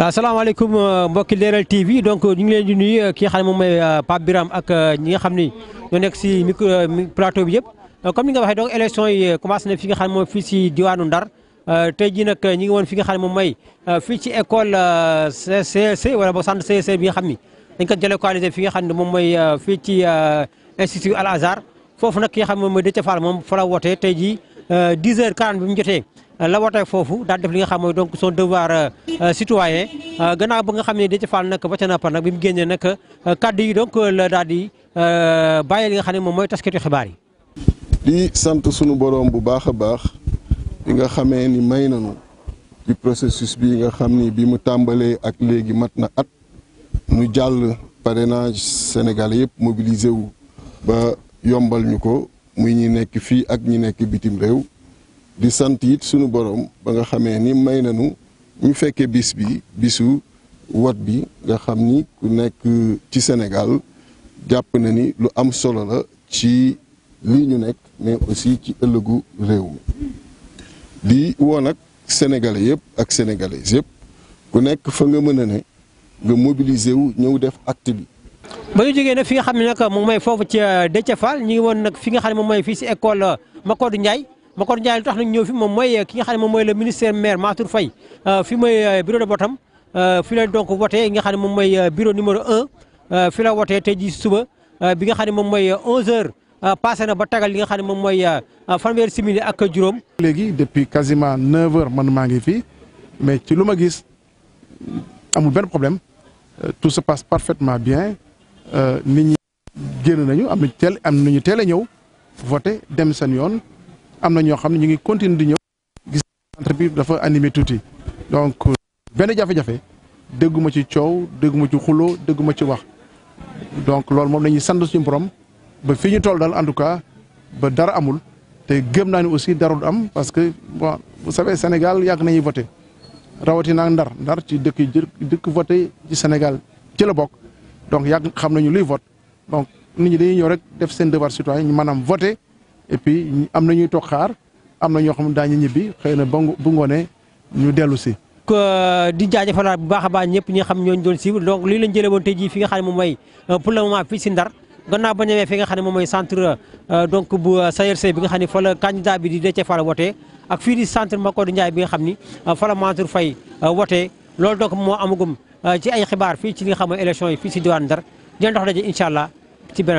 asalaamaaleykum euh, mbokki Leral TV donc ñu ngi leen di nuyu ki nga xam ne moom mooy euh, Pape Birame ak euh, ñi nga xam ni ñoo nekk si micro plateau bi yëpp comme ni nga waxee donc élection yi commencé na fi nga xam ne moom fii si diwaanu Ndar tey ji nag ñi ngi woon fi nga xam ne moom mooy fii ci école CEC wala ba centre CEC bi nga xam ni dañ ko délocalisé fi nga xam ne moom mooy fii ci institut Al Azhar foofu nag ki nga xam ne moom mooy Déthié Fall moom fa la wootee tey jii 10 heures 40 bi mu jotee la wootee foofu daal def li nga xam mooy donc son devoir euh, euh, citoyen euh, gannaaw ba nga xam ne Déthié Fall nag ba ca nappa nag bi mu génnee nag kaddu yi donc la daal di bàyyi li nga xam ne moom mooy taskatu xibaar yi. li sant sunu boroom bu baax a baax bi nga xamee ni may nañu ci processus bi nga xam ni bi mu tàmbalee ak léegi mat na at nu jàll parrainage Sénégal yëpp mobilisé wu ba yombal ñu ko muy ñi nekk fii ak ñi nekk bitim réew. di sant it sunu borom ba nga xamee ni may nanu ñu fekkee bis bi bisu wat bi nga xam ni ku nekk ci Sénégal jàpp na ni lu am solo la ci lii ñu nekk mais aussi ci ëllëgu réew mi di woon ak sénégalais yëpp ak sénégalaises yëpp ku nekk fa nga mën a ne nga mobiliser wu ñëw def acte bi. ba ñu jógee nag fi nga xam ne nag moom may foofu ci Déthié Fall ñu ngi woon nag fi nga xam ne moom mooy fii ci si école Makodou Ndiaye. Makor Ndiaye lu tax nag ñëw fi moom mooy ki nga xam ne moom mooy le ministère maire Matour Faye euh, fi moy euh, bureau de votam euh, fi la donc voté nga xam ne moom mooy bureau numéro un fi la voté tey jii suba bi nga xam ne moom mooy 11h passé na ba tagal li nga xam ne moom mooy fanweeri simili ak juróom. léegi depuis quasiment 9h man maa ngi fii mais ci lu ma gis amul benn problème tout se passe parfaitement bien nit ñi génn nañu am nañu teel am nañu teel a ñëw voté dem seen yoon. am na ñoo xam ne ñu ngi continuer di ñëw gis centre bi dafa animé tuuti donc benn jafe-jafe dégguma ci coow dégguma ci xuloo dégguma ci wax donc loolu moom lañuy sant suñu borom ba fii ñu toll daal en tout cas ba dara amul te gëm naa ni aussi dara du am parce que bon vous savez Sénégal yàgg nañuy voté rawatina ak Ndar Ndar ci dëkk yi dëkk voté ci Sénégal ci la bokk donc yàgg xam nañu luy vote donc nit ñi dañuy ñëw rek def seen devoir citoyen ñu maanaam voté et puis am na ñuy toog xaar am na ñoo xam ne daañu ñibbi xëy bu ngoonee ñu dellu si. di jaajëfalaat bu baax a baax ñëpp ñi xam ñooñu doon suivre donc lii lañ jëlee woon tey jii fi nga xam ne moom mooy euh, pour le moment fii ba ñëwee fi nga xam ne moom mooy centre euh, donc bu euh, bi nga xam ne fa la candidat bi di Déthié Fall wootee ak fii di centre Macodou Ndiaye bi nga xam ni fa la Mansour Faye wootee loolu donc moo amagum ci ay xibaar fii ci nga xam mooy élection yi fii si diwaan Ndar dina dox daje incha allah ci beneen